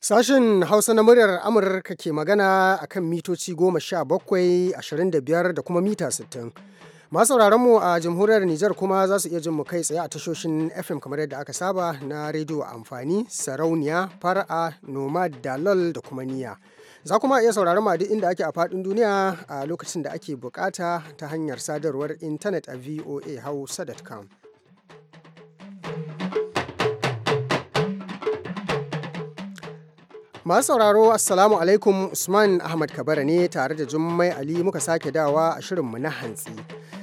Sashen Hausa na muryar Amurka ke magana a kan mitoci goma sha bakwai, ashirin da biyar da kuma mita sittin. Masu mu a jamhuriyar Nijar kuma za su iya jin mu kai tsaye a tashoshin FM kamar yadda aka saba na rediyo amfani, sarauniya, fara'a, nomad, dalol da kuma niya. Za kuma iya sauraron mu duk inda ake a faɗin duniya a lokacin da ake buƙata ta hanyar sadarwar intanet a voahausa.com. Masu sauraro Assalamu alaikum Usman Ahmad Kabara ne tare da Jummai Ali muka sake dawa a shirin mu na hantsi.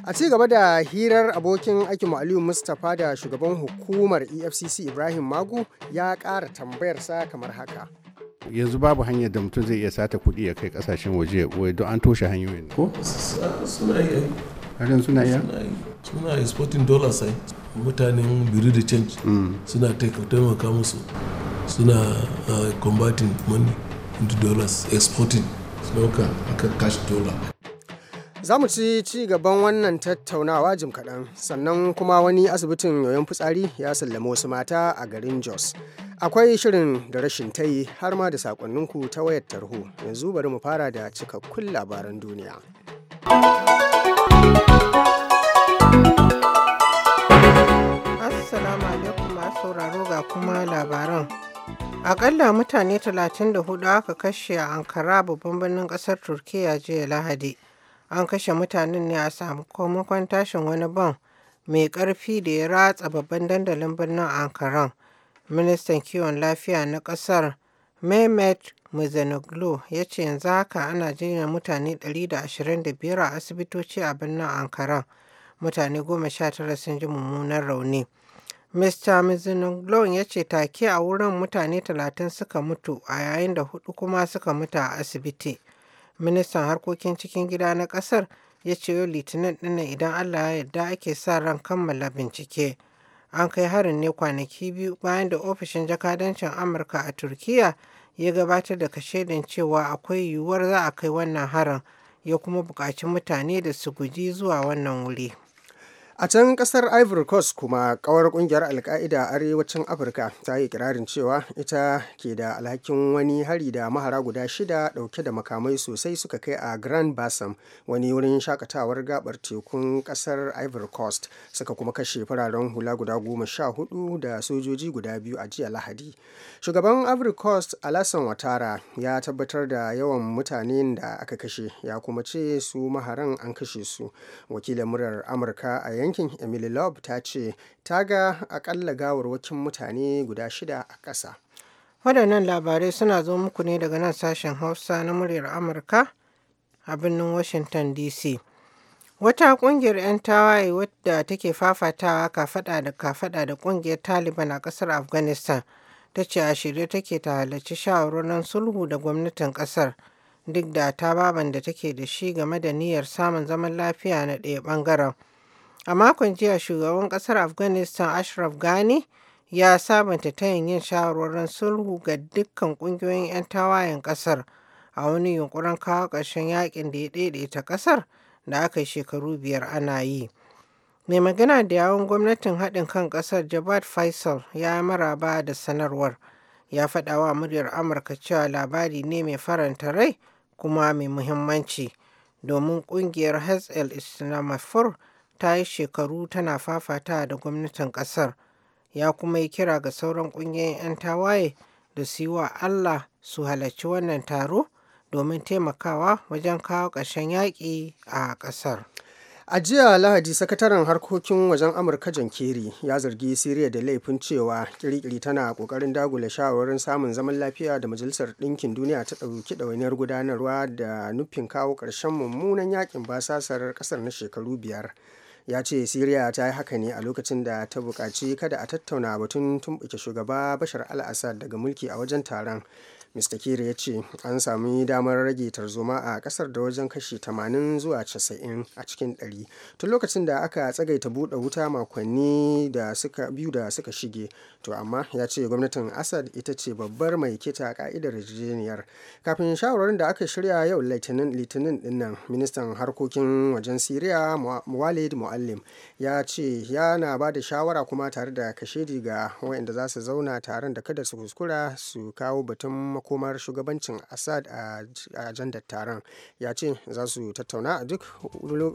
A ci gaba da hirar abokin aikin Aliyu Mustapha da shugaban hukumar EFCC Ibrahim Magu ya ƙara tambayarsa kamar haka. yanzu babu hanyar da mutum zai iya sata kuɗi ya kai kasashen waje wai don an toshe hanyoyin ko suna yi harin suna iya suna exporting dollars ai mutanen biri da change hmm. suna taimaka musu suna uh, combating money into dollars exporting suna aka cash dollar Za mu ci ci gaban wannan tattaunawa jim kaɗan sannan kuma wani asibitin yoyon fitsari ya sallama wasu mata a garin Jos. Akwai shirin da rashin tayi har ma da sakonninku ta wayar tarho yanzu bari mu fara da cikakkun labaran duniya. Assalamu alaikum masu sauraro ga kuma labaran. Akalla mutane 34 aka kashe a Ankara babban birnin ƙasar Turkiyya jiya Lahadi. an kashe mutanen ne a sakamakon tashin wani ban mai karfi da ya ratsa babban dandalin birnin Ankaran. Ministan kiwon lafiya na ƙasar Mehmet Muzanoglu ya ce yanzu haka ana jinyar mutane 125 a asibitoci a birnin Ankaran. Mutane goma sha tara sun ji mummunan rauni. Mr. Muzanoglu ya ce take a wurin mutane 30 suka mutu a yayin da hudu kuma suka mutu a asibiti. ministan harkokin cikin gida na kasar ya ce yau litinin dinnan idan allah ya yarda ake sa ran kammala bincike an kai harin ne kwanaki biyu bayan da ofishin jakadancin amurka a turkiya ya gabatar da kashedin cewa akwai yiwuwar za a kai wannan harin ya kuma buƙaci mutane da su guji zuwa wannan wuri A can kasar Ivory Coast kuma kawar kungiyar Alka'ida a arewacin Afirka ta yi kirarin cewa ita ke da alhakin wani hari da mahara guda shida dauke da makamai sosai suka kai a Grand Bassam wani wurin shakatawar gabar tekun kasar Ivory Coast suka kuma kashe fararen hula guda goma sha hudu da sojoji guda biyu a jiya Lahadi. Shugaban Ivory Coast Alassane Ouattara ya tabbatar da yawan mutanen da aka kashe ya kuma ce su maharan an kashe su. Wakilin murar Amurka a yankin emily love ta ce ta ga akalla gawarwakin mutane guda shida a ƙasa waɗannan labarai suna zo muku ne daga nan sashen hausa na muryar amurka a birnin washington dc wata ƙungiyar 'yan tawaye wadda take fafatawa kafada da kafada da ƙungiyar taliban a ƙasar afghanistan ta ce a shirye take ta halarci shawarwarin sulhu da gwamnatin ƙasar duk da ta baban da take da shi game da niyyar samun zaman lafiya na ɗaya ɓangaren A makon jiya shugaban kasar Afghanistan Ashraf Ghani ya sabanta ta yin shawarwarin sulhu ga dukkan kungiyoyin 'yan tawayen kasar a wani yunkurin kawo ƙarshen yakin da ya daidaita kasar da aka yi shekaru biyar ana yi. Mai magana da yawon gwamnatin haɗin kan ƙasar jabat Faisal ya yi maraba da sanarwar. Ya faɗa wa muryar Amurka cewa labari ne mai faranta rai kuma mai muhimmanci domin ƙungiyar Hezl Islamafur ta yi shekaru tana fafata da gwamnatin ƙasar ya kuma yi kira ga sauran ƙungiyoyin 'yan tawaye da su yi wa Allah su halarci wannan taro domin taimakawa wajen kawo ƙarshen yaƙi a ƙasar. a jiya lahadi sakataren harkokin wajen amurka john kerry ya zargi siriya da laifin cewa kirikiri tana kokarin dagula shawarar samun zaman lafiya da majalisar ɗinkin duniya ta ɗauki ɗawainiyar gudanarwa da nufin kawo ƙarshen mummunan yakin basasar ƙasar na shekaru biyar ya ce siriya ta yi haka ne a lokacin da ta buƙaci kada a tattauna batun tumɓuke shugaba bashar al daga mulki a wajen taron mr kiri ya ce an sami damar rage tarzoma a kasar da wajen kashi 80 zuwa 90 a cikin 100 tun lokacin da aka tsagaita buɗe wuta makonni da suka biyu da suka shige to amma ya ce gwamnatin asad ita ce babbar mai keta ka'idar jiniyar kafin shawarwarin da aka shirya yau litinin litinin dinnan ministan harkokin wajen siriya walid muallim ya ce yana ba da shawara kuma tare da kashedi ga waɗanda za su zauna taron da kada su kuskura su kawo batun makomar shugabancin assad a ajandar taron ya ce za su tattauna duk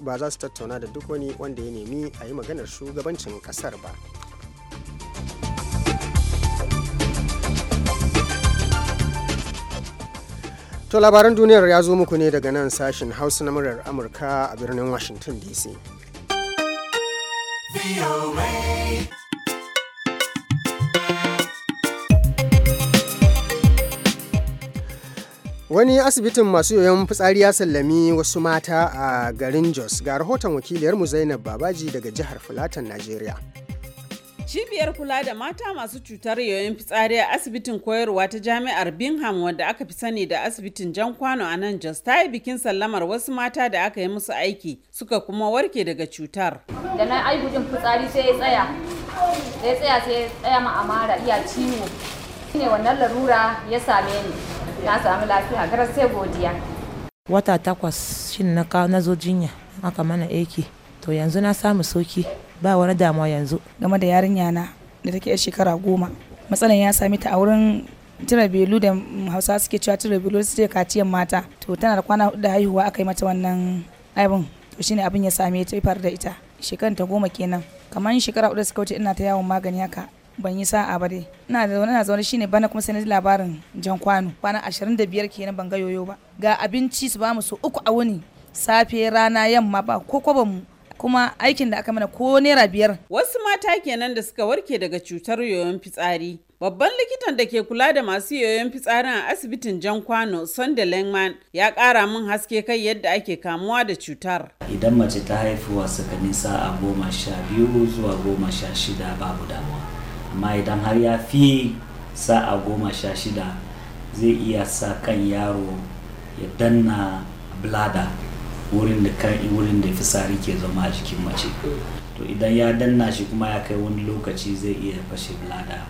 ba za su tattauna da duk wani wanda ya nemi a yi maganar shugabancin kasar ba To labaran duniyar ya zo muku ne daga nan sashen Hausa na muryar Amurka a birnin Washington DC. Wani asibitin masu yoyon fitsari ya sallami wasu mata a garin Jos ga rahoton wakiliyarmu Zainab Babaji daga jihar fulatan Najeriya. Cibiyar kula da mata masu cutar yoyon fitsari a asibitin koyarwa ta jami'ar Bingham wadda aka fi sani da asibitin Jan Kwano a nan Jos ta yi bikin sallamar wasu mata da aka yi musu aiki suka kuma warke daga cutar. Da na aibujin fitsari sai ya tsaya, sai ya tsaya sai amara iya ciwo. Shine wannan larura ya same ni. na samu lafiya gara sai godiya wata takwas shin na kawo na zo jinya aka mana aiki to yanzu na samu soki ba wani damuwa yanzu game da yarinya na da take yar shekara goma matsalan ya same ta a wurin tira belu da hausa suke cewa tira belu su ce kaciyan mata to tana da kwana hudu da haihuwa aka yi mata wannan abin to shine abin ya same ta ifar da ita shekaran ta goma kenan kamar shekara hudu suka wuce ina ta yawon magani haka ban yi sa'a ba dai ina da zaune na zaune shine bana kuma sai na ji labarin jan kwano kwana 25 kenan ban ga yoyo ba ga abinci su ba mu su uku a wuni safe rana yamma ba ko ko mu kuma aikin da aka mana ko naira biyar wasu mata kenan da suka warke daga cutar yoyon fitsari Babban likitan da ke kula da masu yoyon fitsarin a asibitin Jan Kwano, Sonda ya kara min haske kai yadda ake kamuwa da cutar. Idan mace ta haifuwa sakanin sa'a goma sha biyu zuwa goma sha shida babu damuwa. amma idan har ya fi sa'a goma sha shida zai iya sa kan yaro ya danna blada wurin da kan wurin da fisari ke zama a jikin mace to idan ya danna shi kuma ya kai wani lokaci zai iya fashe blada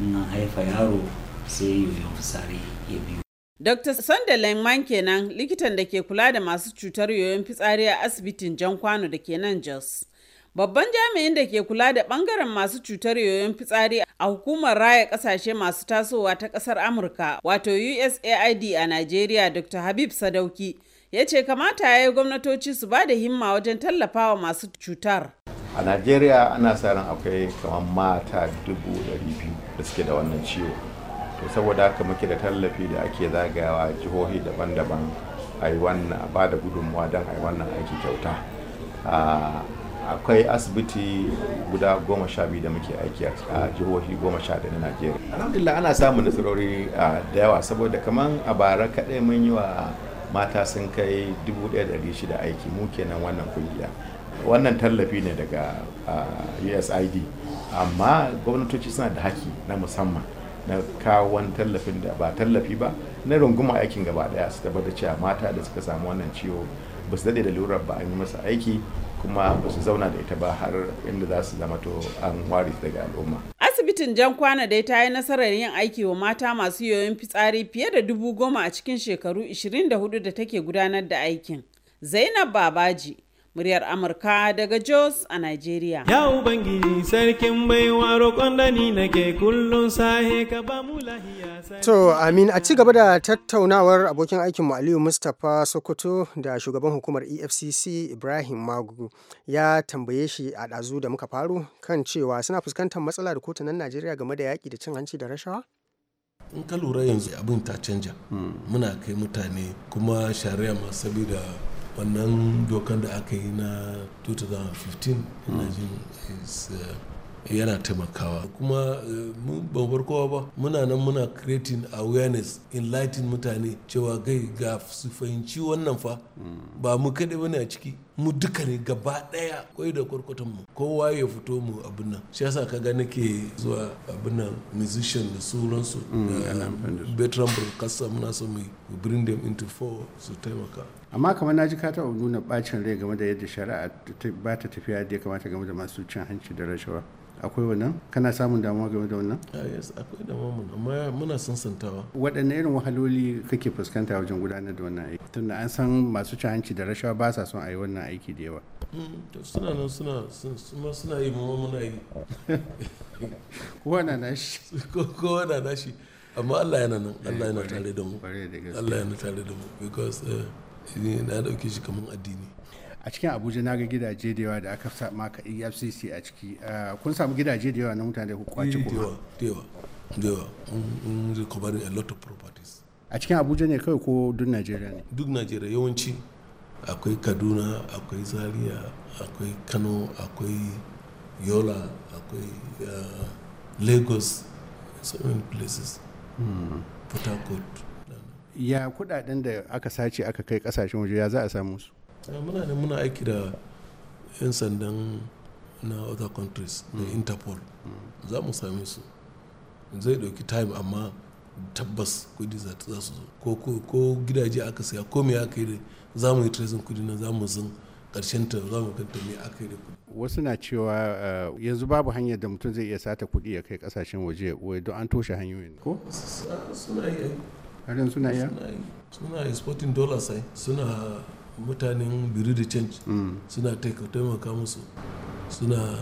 in haifa yaro sai yoyon fisari ya biyu Dr. Sanda Man kenan likitan da ke kula da masu cutar yoyon fitsari a asibitin Jan Kwano da ke nan Jos. Babban jami'in da ke kula da bangaren masu cutar yoyon fitsari a hukumar raya kasashe masu tasowa ta kasar Amurka wato USAID a Najeriya Dr. Habib Sadauki ya ce kamata ya yi gwamnatoci su ba da himma wajen tallafawa masu cutar. A Najeriya ana sa ran akwai kamar mata dubu biyu da suke da wannan ciwo. To saboda haka muke da tallafi da ake zagayawa jihohi daban-daban a yi wannan a ba da gudunmuwa don a yi wannan aiki kyauta. Ah, akwai asibiti guda goma sha biyu da muke aiki a jihohi goma sha da na najeriya alhamdulillah ana samun nasarori da yawa saboda kamar a bara kaɗai mun yi wa mata sun kai dubu da shida aiki mu kenan wannan kungiya wannan tallafi ne daga usid amma gwamnatoci suna da haki na musamman na kawo wani tallafin da ba tallafi ba na runguma aikin gaba daya su tabbatar cewa mata da suka samu wannan ciwo ba su daɗe da lura ba an yi masa aiki kuma ba su zauna da ita ba har inda za su zama to an ware daga al'umma. asibitin jan kwana dai ta yi nasarar yin aiki wa mata masu yoyon fitsari fiye da dubu goma a cikin shekaru 24 da take gudanar da aikin zainab babaji muryar Amurka daga Jos a nigeria. Ya Ubangiji sarkin baiwa roƙon da nake kullum sahe ka ba mu lahiya. To Amin a ci gaba da tattaunawar abokin aikin mu Aliyu Mustapha Sokoto da shugaban hukumar EFCC Ibrahim Magu ya tambaye shi a ɗazu da muka faru kan cewa suna fuskantar matsala da kotunan nigeria game da yaki da cin hanci da rashawa? in ka lura yanzu abin ta canja hmm. muna kai mutane kuma shari'a masu sabida. wannan dokan da aka yi na 2015 ina mm. jin eh, yana taimakawa kuma eh, mun ban farko ba muna nan muna creating awareness enlighten mutane cewa gai ga su fahimci wannan fa mm. ba mu kaɗai bane a ciki mu duka ne gaba daya kwai da kwarkwatan mu kowa ya fito mu abin nan shi yasa kaga nake zuwa abin nan musician da sauransu mm, eh, veteran kasa muna so mu bring them into four su taimaka amma kamar na ji ka taɓa nuna bacin rai game da yadda shari'a ba ta tafiya da ya kamata game da masu cin hanci da rashawa akwai wannan kana samun damuwa game da wannan ah, yes akwai damuwa mun amma muna sansantawa waɗanne irin wahaloli kake fuskanta wajen gudanar da wannan aiki tunda an san masu cin hanci da rashawa ba sa son a yi wannan aiki da yawa hmm, suna nan suna suna yi mamman muna yi kowa na shi kowa na shi amma Allah yana nan eh, Allah yana tare da mu Allah yana tare da mu because eh, na dauke shi kamar addini a cikin abuja na ga gidaje da yawa da aka sama ka efcc a ciki eh, kun samu gidaje da yawa na mutane da ku kuma da yawa da yawa mun recovering a lot of properties a cikin abuja ne kawai ko duk najeriya ne duk najeriya yawanci akwai kaduna akwai zaria akwai kano akwai yola akwai uh, lagos so many places hmm. port harcourt ya kudaden da aka sace aka kai kasashen waje ya za a samu su uh, muna ne muna aiki da 'yan sandan na other countries da hmm. interpol hmm. za mu same su zai dauki time amma tabbas kudi za su zo ko gidaje aka siya ko me aka yi za mu yi tracing kudi na za mu zan karshen ta za mu kanta mai aka yi da kudi wasu na cewa eh, yanzu babu hanyar da mutum zai iya sata kudi ya kai kasashen waje wai don an toshe hanyoyin ko suna yi eh. harin suna iya suna exporting dollars ai eh. suna mutanen biri da change mm. suna taimaka musu suna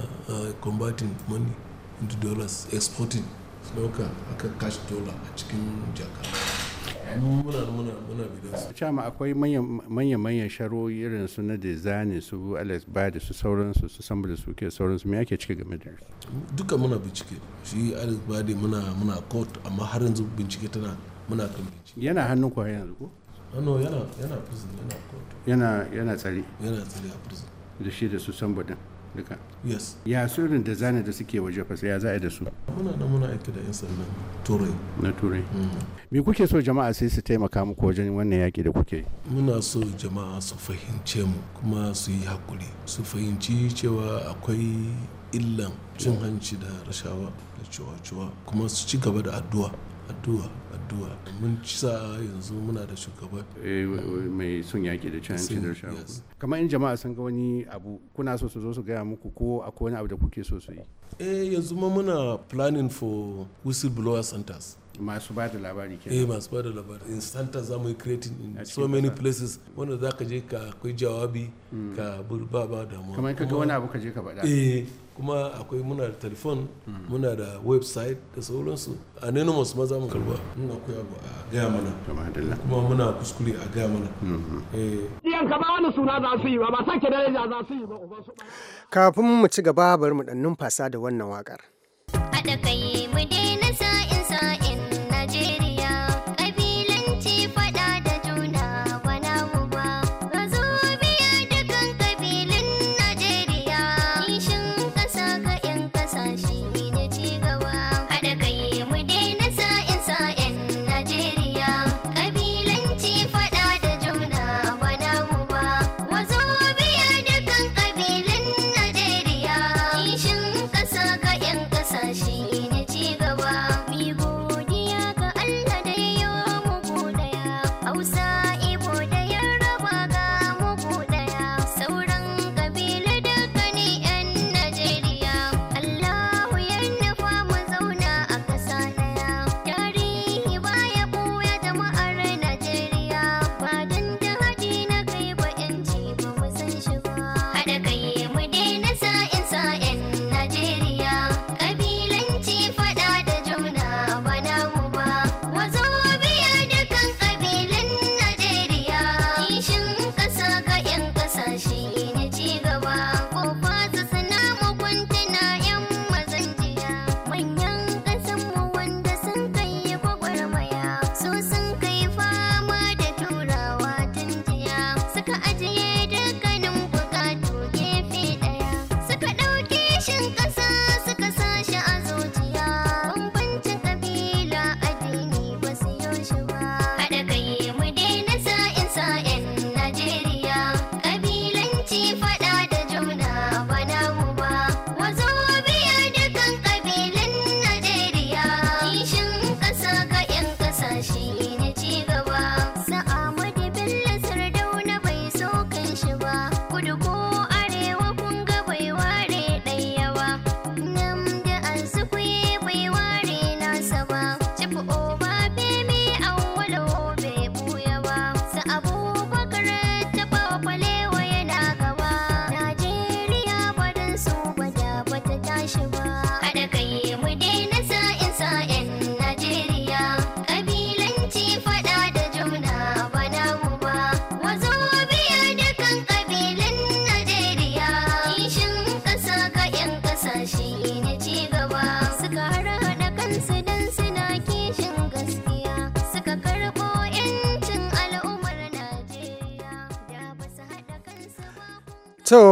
combating money into dollars exporting suna haka cash dollar a cikin jaka muna muna muna bidan su cama akwai manyan manyan sharo irin su na dizani su alex badi su sauransu su samba da suke sauransu me ake cike game da su duka muna bincike shi alex badi muna muna court amma har yanzu bincike tana muna kan bincike yana hannun kwa yanzu ko ah, no yana yana prison yana court yana yana yana tsari a prison da shi da su samba din duka yes ya sirrin da zane da suke waje fasa za ya za'a da su muna nan muna aiki da yan sandan turai na turai mm. me kuke so jama'a sai su taimaka muku wajen wannan yaki da kuke muna so jama'a su fahimce mu kuma su yi hakuri su fahimci cewa akwai illan cin hanci da rashawa da cewa kuma su ci gaba da addu'a addu'a addu'a mun sa yanzu muna da shugaba eh, mai son yaki da cin hanci kamar in jama'a sun ga wani abu kuna so su zo su gaya muku ko akwai wani abu da kuke so su yi eh yanzu ma muna planning for whistleblower centers masu ba da labari kenan eh masu ba da labari in centers za mu yi creating in so many places wanda za ka je ka kai jawabi hmm. ka ba ba damuwa kamar ka ga wani abu ka je ka faɗa eh kuma akwai muna da telefon muna da website da sauransu a anonymous ma za mu karba muna koya ba a gaya mana kuma muna kuskure a gaya mana mm-hmm. eh. ka ba wani suna za su yi ba ba za su yi ba kafin mu ci gaba bari mu dan numfasa da wannan wakar haɗa kai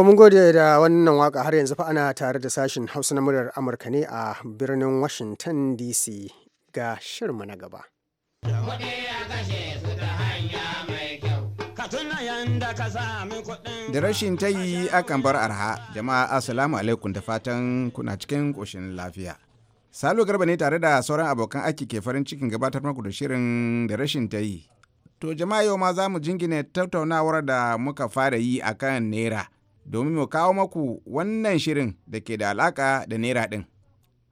mun gode da wannan waka har yanzu fa ana tare da sashin Hausa na muryar Amurka ne a birnin Washington DC ga shirma na gaba. Da rashin ta yi akan bar arha jama'a assalamu alaikum da fatan kuna cikin koshin lafiya. Salo Garba ne tare da sauran abokan aiki ke farin cikin gabatar maku da shirin da rashin ta yi. To jama'a yau ma za mu jingine tattaunawar da muka fara yi akan Naira. domin mu kawo maku wannan shirin da ke da alaka da naira ɗin.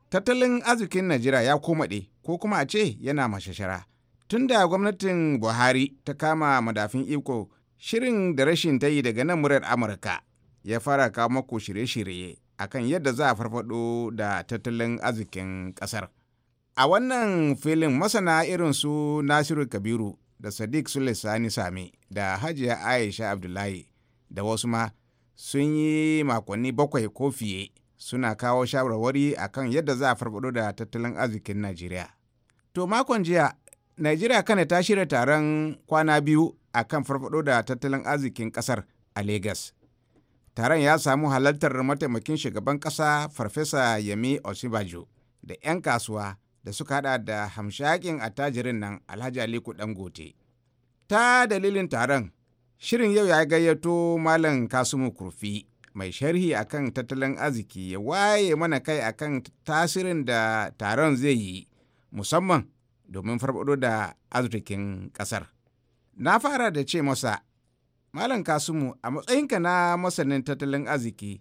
Tattalin arzikin Najeriya ya komaɗe ko kuma a ce yana mashashara. Tun da gwamnatin Buhari ta kama madafin iko shirin da rashin ta yi daga nan murar Amurka ya fara kawo maku shirye-shirye a kan yadda za a farfado da tattalin arzikin ƙasar. A wannan filin masana irin su Nasiru Kabiru da Sadiq Sule Sani Sami da Hajiya Aisha Abdullahi da wasu ma sun yi makonni bakwai ko fiye suna kawo shawarwari a kan yadda za a farfado da tattalin arzikin najeriya to makon jiya najeriya kana ta shirya taron kwana biyu a kan farfado da tattalin arzikin kasar a lagos taron ya samu halartar mataimakin shugaban kasa farfesa yemi osibajo da 'yan kasuwa da suka hada da hamshakin attajirin nan alhaji aliku dangote ta dalilin taron Shirin yau ya gayyato Malam Kasumu Kurfi mai sharhi akan tattalin arziki ya waye mana kai akan tasirin da taron zai yi musamman domin farfado da arzikin ƙasar. Na fara da ce masa, Malam Kasumu a matsayinka na masanin tattalin arziki,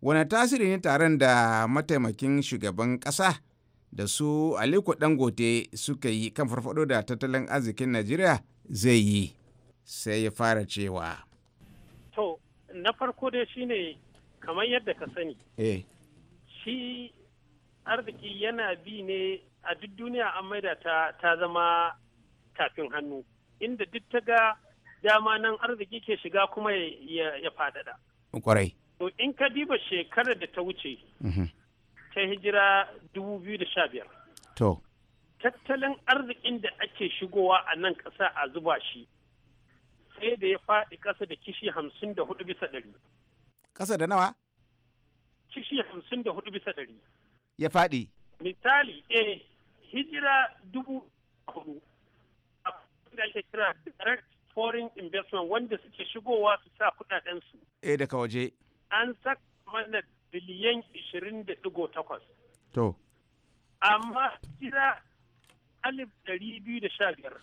wane tasiri ne taron da mataimakin shugaban ƙasa da su Aliko Dangote suka yi kan farfado da tattalin arzikin Najeriya zai yi. sai ya fara cewa to na farko dai shine kamar yadda ka sani eh shi arziki yana bi ne a duk duniya an maida ta ta zama tafin hannu inda duk ta ga dama nan arziki ke shiga kuma ya fadada kwarai to in ka diba shekarar da ta wuce mhm. ta hijira 2015 to tattalin arzikin da ake shigowa a nan ƙasa a zuba shi ɗaya da ya faɗi ƙasa da kishi hamsin da hudu bisa ɗari. Ƙasa da nawa? Kishi hamsin da hudu bisa ɗari. Ya faɗi. Misali, eh, hijira dubu hudu. da ake kira direct foreign investment wanda suke shigowa su sa kuɗaɗensu. Eh, daga waje. An saka mana biliyan ishirin da ɗigo takwas. To. Amma hijira alif ɗari biyu da sha biyar.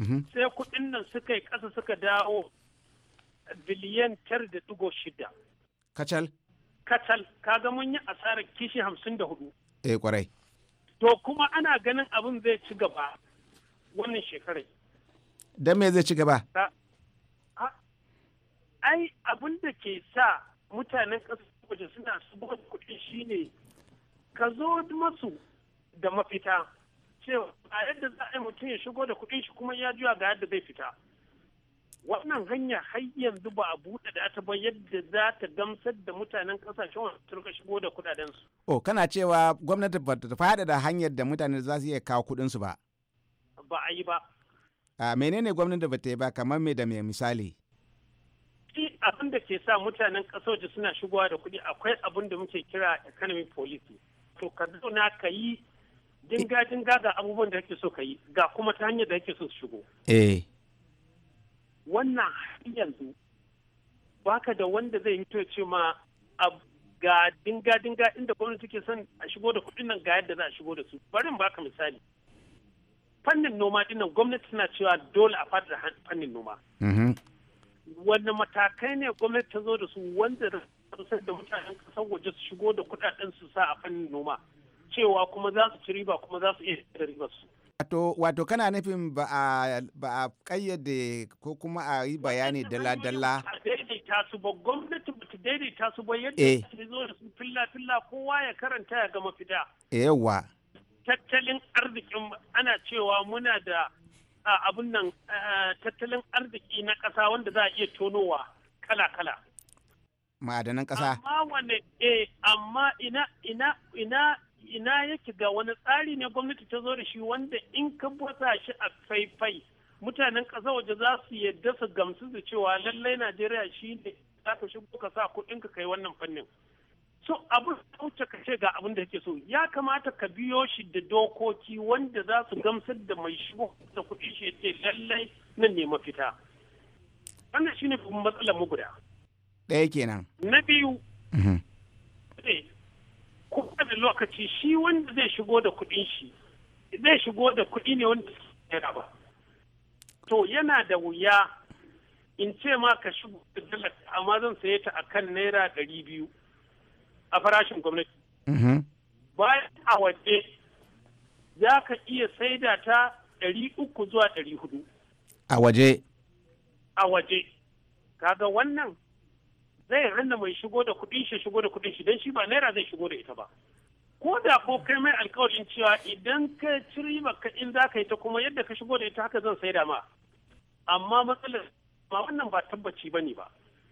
Mm-hmm. sai kuɗin nan suka yi ƙasa suka dawo biliyan tar da dugo shida. Kacal? Kacal, kaga mun yi asarar kishi hamsin da hudu. Eh kwarai. To kuma ana ganin abin zai ci gaba wannan shekarai. Don me zai ci gaba? Ai abin da ke sa mutanen kasa waje suna su kudin shine ka zo masu da mafita. cewa a yadda za a yi mutum ya shigo da kuɗin shi kuma ya juya ga yadda zai fita wannan hanya har yanzu ba a buɗe da ta ba yadda za ta gamsar da mutanen kasashen wanda turka shigo da su. oh kana cewa gwamnati ba ta faɗa da hanyar da mutane za su iya kawo kuɗinsu ba ba a yi ba a menene gwamnati ba ta yi ba kamar me da me misali shi abin da ke sa mutanen ƙasar suna shigowa da kuɗi akwai abin da muke kira economic policy to ka zauna ka yi dinga dinga ga abubuwan da yake so ka yi ga kuma ta hanyar da yake so su shigo eh wannan yanzu baka da wanda zai yi ce ma ga dinga dinga inda gwamnati take son a shigo da kuɗin nan ga yadda za a shigo da su bari baka misali fannin noma dinnan gwamnati tana cewa dole a fadar fannin noma mm-hmm. wanda matakai ne gwamnati ta zo da su wanda da da mutanen kasar waje su shigo da kuɗaɗen su sa a fannin noma cewa kuma za su ci riba kuma za su iya da riba su. Wato kana nufin ba a kayyade ko kuma a yi bayani dala-dala. daidaita su ba gwamnati ba ta daidaita su ba yadda ta eh. zo da su filla-filla kowa ya karanta ya gama fita. Yawa. Tattalin arzikin ana cewa muna da abun nan tattalin arziki na ƙasa wanda za a iya tonowa kala-kala. Ma'adanan ƙasa. Amma wane eh amma ina ina ina ina yake ga wani tsari ne gwamnati ta zo da shi wanda in ka bata shi a faifai mutanen ƙasa waje za su yadda su gamsu da cewa lallai najeriya shi ne za ka shigo ka sa kuɗin ka kai wannan fannin so abin wuce ka ce ga abin da yake so ya kamata ka biyo shi da dokoki wanda za su gamsar da mai shigo da kuɗi shi ya ce lallai nan ne mafita wannan shine matsalar mu guda ɗaya kenan na biyu mhm. eh, kowane lokaci shi wanda zai shigo da kuɗin shi zai shigo da kuɗi ne wanda naira ba to yana da wuya in ce ma ka shigo da dalar amma zan saye ta akan naira ɗari biyu a farashin gwamnati mm-hmm. bayan a waje za ka iya saida ta ɗari uku zuwa ɗari hudu a waje a waje kaga wannan zai hana mai shigo da kuɗin shi shigo da kuɗin shi don shi ba naira zai shigo da ita ba ko da ko kai mai alkawarin cewa idan ka ci riba ka in za ka yi ta kuma yadda ka shigo da ita haka zan saida ma amma matsalar ba wannan ba tabbaci ba ne ba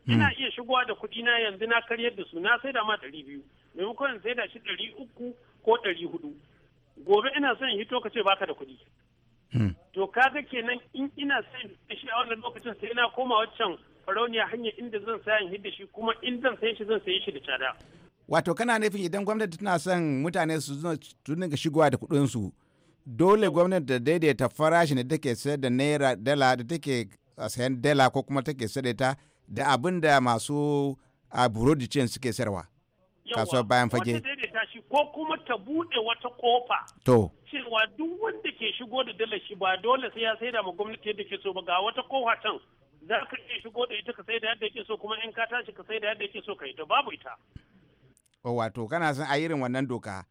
hmm. ina iya shigowa da kuɗi na yanzu na karyar da su na saida ma ɗari biyu maimakon saida shi ɗari uku ko ɗari hudu gobe ina son hito ka ce baka da kuɗi hmm. to kaga kenan in ina son shi a wannan lokacin sai na koma waccan farauniya hanyar inda zan sayan hidda shi kuma in zan sayi shi zan sayi shi da tsada. Wato kana nufin idan gwamnati tana son mutane su dinga shigowa da kuɗinsu dole gwamnati da daidaita farashin da take sayar da naira dala da take sayan dala ko kuma take sayar ta da abin da masu a burodi cin suke sayarwa. Kasuwar bayan fage. ko kuma ta buɗe wata kofa. To. Cewa duk wanda ke shigo da dala shi ba dole sai ya da ma gwamnati yadda ke so ba ga wata kofa can za ka iya shigo da ita ka sai da yadda yake so kuma in ka tashi ka sai da yadda yake so ka yi to babu ita. O oh, wato kana son a irin wannan doka.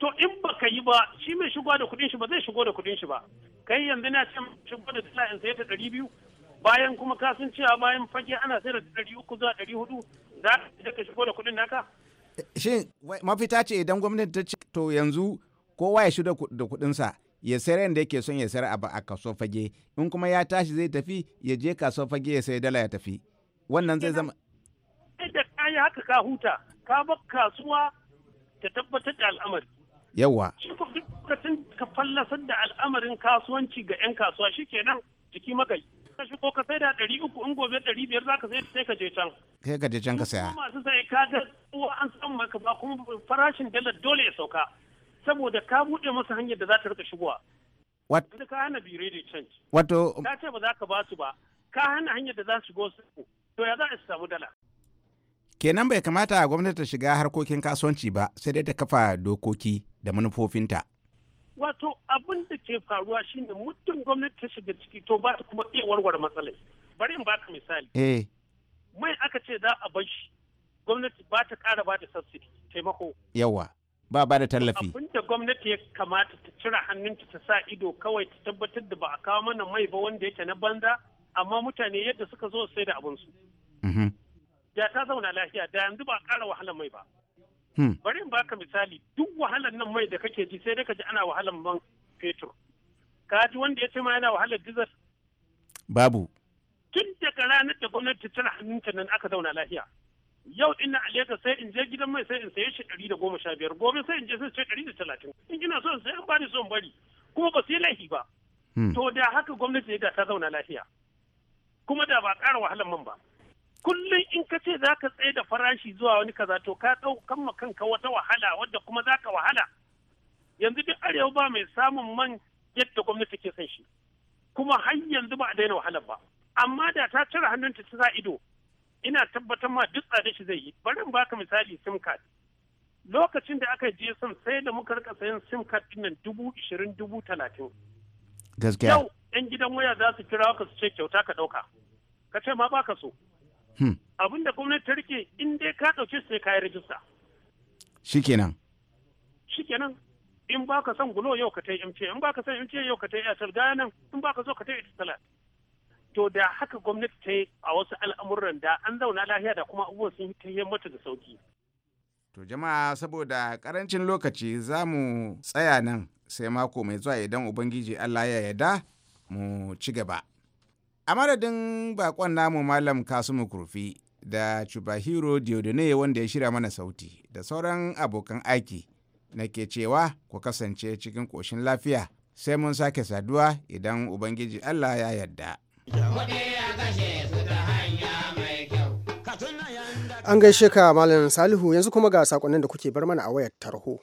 To in ba ka yi ba shi mai shigo da kuɗin shi ba zai shigo da kuɗin shi ba. Kai yanzu na ce shigo da dala in sai ta ɗari biyu bayan kuma ka sun cewa bayan fage ana sai da ɗari uku zuwa ɗari hudu za ka shigo da kuɗin naka. Eh, shin mafita ce idan gwamnati ta ce to yanzu kowa ya shigo da kuɗinsa. ya sayar yadda yake son ya sayar a kaso fage in kuma ya tashi zai tafi ya je kaso fage ya sayi dala ya tafi wannan zai zama da ka yi haka ka huta ka ba kasuwa ta tabbatar da al'amari yawa shi ko lokacin ka fallasar da al'amarin kasuwanci ga 'yan kasuwa shi nan jiki magai ka shigo ka sai da ɗari uku in gobe ɗari biyar za ka sai sai ka je can kai ka je can ka saya masu sai ka ga an san maka ba kuma farashin dalar dole ya sauka saboda ka buɗe masa hanyar da za ta rika shigowa wato ka hana bi radio change wato um, ka ce ba za ka ba su ba ka hana hanyar da za su shigo su to ya za a samu dala kenan bai kamata gwamnati ta shiga harkokin kasuwanci ba sai dai ta kafa dokoki da manufofinta wato abin da ke faruwa shine muddin gwamnati ta shiga ciki to ba ta kuma iya warware matsalai bari in baka misali eh mai aka ce za a bar shi gwamnati ba ta ƙara ba da subsidy taimako yawa ba ba da tallafi da gwamnati ya kamata ta cire hannunta ta sa ido kawai ta tabbatar da ba a kawo mana mai ba wanda yake na banza amma mutane yadda suka zo sai da su. Mm-hmm. da ta zauna lafiya da yanzu ba ƙara wahalar mai ba hmm. bari in baka misali duk wahalar nan mai da kake ji sai dai ka ji ana wahalar man fetur ka ji wanda ya ce ma yana wahalar dizar babu tun daga ranar da gwamnati ta cire hannunta nan aka zauna lafiya yau in na aleka sai in je gidan mai sai in saye shi ɗari da goma sha biyar gobe sai in je sai ɗari da talatin in ina so in sayi in bani so in bari kuma ba su yi laifi ba. Hmm. to da haka gwamnati ne da ta zauna lafiya kuma da ba ƙara wahalar man ba. kullum in ka ce za ka tsaye da farashi zuwa wani kaza to ka ɗaukan ma kanka wata wahala wadda kuma za ka wahala yanzu duk arewa ba mai samun man yadda gwamnati ke son shi kuma har yanzu ba a daina wahalar ba amma da ta cire hannunta ta sa ido ina tabbatar ma duk tsada shi zai yi bari in baka misali sim card lokacin da aka je sim sai da muka rika sayan sim card din nan dubu ishirin dubu talatin gaskiya yau yan gidan waya za su kira ka su ce kyauta ka dauka ka ce ma baka so hmm. abin da gwamnati ta rike in dai ka dauke sai ka yi rajista shikenan shikenan in baka son gulo yau ka ta yi mce in baka son mce yau ka ta yi atal gaya nan in baka so ka ta yi to da haka gwamnati ta yi a wasu al'amuran da an zauna lafiya da kuma abubuwan sun yi mata da sauki. To jama'a saboda karancin lokaci za mu tsaya nan sai mako mai zuwa idan Ubangiji Allah ya yarda mu ci gaba. A madadin bakon namu Malam Kasumu Kurfi da Chubahiro Diodone wanda ya shirya mana sauti da sauran abokan aiki nake cewa ku kasance cikin koshin lafiya sai mun sake saduwa idan Ubangiji Allah ya yarda. An gaishe ka Malam Salihu yanzu kuma ga sakonnin da kuke bar mana a wayar tarho.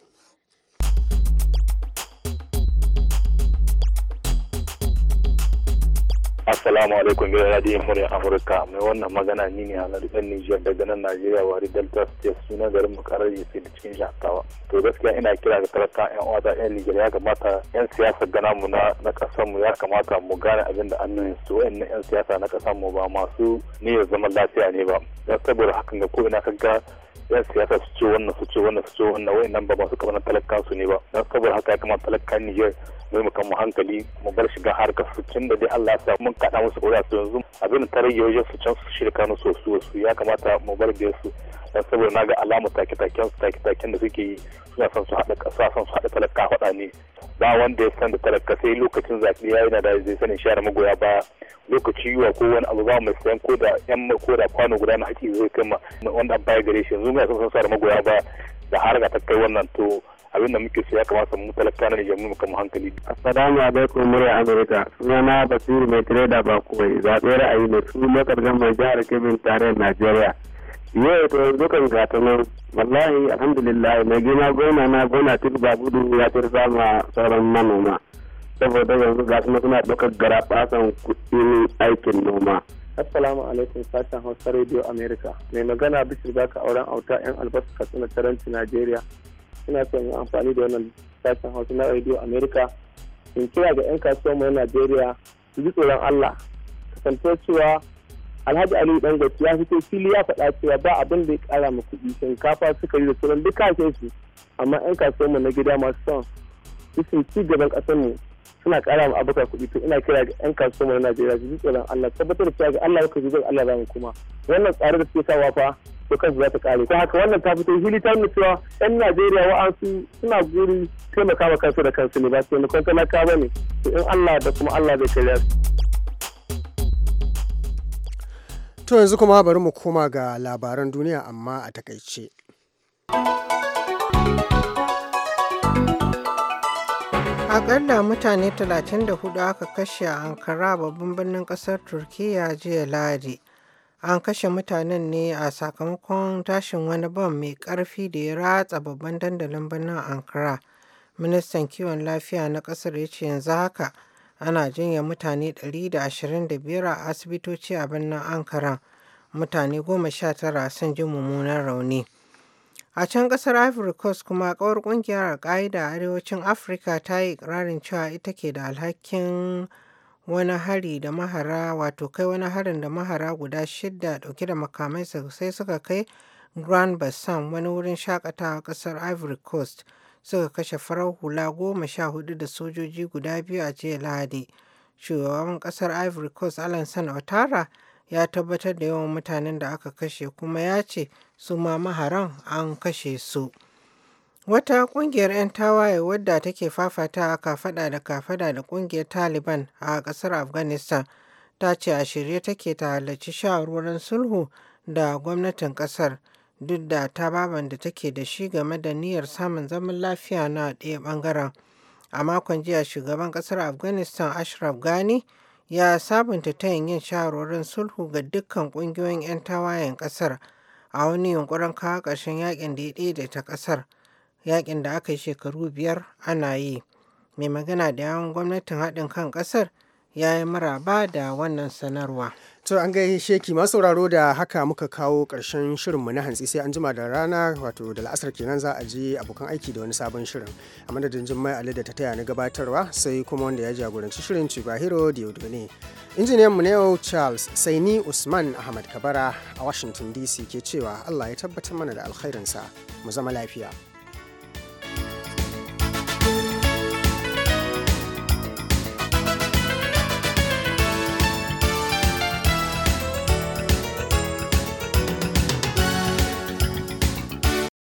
Assalamu alaikum gidan radiyon muryar Afirka mai wannan magana ni ne a dan Nijar daga nan Najeriya wari Delta State suna garin makarar sai da cikin Shakawa. To gaskiya ina kira ga talaka yan uwa yan Nijar ya kamata yan siyasa gana mu na na mu ya kamata mu gane abin da annan su wayannan yan siyasa na kasar mu ba masu niyyar zaman lafiya ne ba. Dan saboda hakan ga ko ina kaga yan siyasa su ce wannan su ce wannan su ce wannan wai nan ba masu kamar talaka su ne ba don saboda haka ya kamata talakan Niger mu mu kan mu hankali mu bar shiga harkar su tun da dai Allah ya sa mun kada musu ƙuri'a su yanzu abin tarayya wajen su can su shirka na so su ya kamata mu bar su dan saboda na ga alamar take-taken take-taken da suke yi suna son su haɗa ƙasa son su haɗa talaka faɗa ne ba wanda ya san da talaka sai lokacin zaɓe ya na da zai sanin shayar magoya ba lokaci yiwa ko wani abu ba mai sayan ko da yan ko da kwano guda na haƙi zai kai ma wanda baya gare shi yanzu mai son shayar magoya ba da har ga ta kai wannan to abin da muke so ya kamata mu talaka na jami'u mu kama hankali. Assalamu alaikum murya Amurka. Sunana Basiru mai tireda ba kuwa zaɓe ra'ayi ne su lokacin mai jihar Kebbi tare Najeriya. ne ta dukan gata nan wallahi alhamdulillah mai gina gona na gona tun ba gudu ya tirza ma sauran manoma saboda yanzu ga su suna ɗaukar gara basan kudin aikin noma assalamu alaikum sashen hausa radio america mai magana bishir zaka auren auta yan albasa katsina taranti nigeria ina son yi amfani da wannan sashen hausa na radio america in kira ga yan kasuwa mai nigeria su ji tsoron allah kasantar cewa alhaji aliyu dan ya fito fili ya faɗa cewa ba abin da ya kara ma kuɗi shinkafa suka yi da sauran duk kashin su amma yan kasuwar mu na gida masu son cikin ci gaban ƙasar mu suna kara ma abuka kuɗi to ina kira ga yan kasuwar mu na najeriya su ji tsoron allah tabbatar da cewa ga allah ka zubar allah zamu kuma wannan tsare da suke sawa fa to kansu za ta kare ko haka wannan ta fito fili ta nuna cewa yan najeriya wa'ansu suna guri taimaka ma kansu da kansu ne ba taimakon talaka ba ne to in allah da kuma allah zai karya su. To yanzu kuma bari mu koma ga labaran duniya amma a takaice. Akalla mutane 34 aka kashe a Ankara babban birnin kasar Turkiyya jiya Lahadi. An kashe mutanen ne a sakamakon tashin wani bam mai karfi da ya ratsa babban dandalin birnin Ankara. Ministan kiwon lafiya na kasar ya ce yanzu haka ana jinya mutane 125 a asibitoci a birnin Ankara. Mutane goma sha tara sun ji mummunan rauni. A can kasar Ivory Coast kuma kawar kungiyar ka'ida a arewacin Afirka ta yi ikirarin cewa ita ke da alhakin wani hari da mahara wato kai wani harin da mahara guda shidda dauke da makamai sosai suka kai Grand Bassam wani wurin shakatawa kasar Ivory Coast suka kashe farar hula goma sha hudu da sojoji guda biyu a jiya lahadi shugaban kasar ivory coast alansan otara ya tabbatar da yawan mutanen da aka kashe kuma ya ce su ma maharan an kashe su wata kungiyar 'yan tawaye wadda take fafata a kafada da kafada da kungiyar taliban a kasar afghanistan ta ce a shirye take ta halarci shawarwarin sulhu da gwamnatin kasar duk da tababan da take da shi game da niyyar samun zaman lafiya na ɗaya ɓangaren. A makon jiya shugaban ƙasar Afghanistan Ashraf Ghani ya sabunta ta yin shawarwarin sulhu ga dukkan ƙungiyoyin 'yan tawayen ƙasar a wani yunkurin kawo ƙarshen yakin da ya daidaita ƙasar yakin da aka yi shekaru biyar ana yi. Mai magana da yawon gwamnatin haɗin kan ƙasar ya yi maraba da wannan sanarwa. To an gaishe ki masu sauraro da haka muka kawo ƙarshen shirinmu na hantsi sai an jima da rana wato da la'asar kenan za a je abokan aiki da wani sabon shirin. A madadin jin Ali da ta taya na gabatarwa sai kuma wanda ya jagoranci shirin Chibahiro Diodone. Injiniyan mu ne yau Charles saini Usman Ahmad Kabara a Washington DC ke cewa Allah ya tabbatar mana da alkhairinsa mu zama lafiya.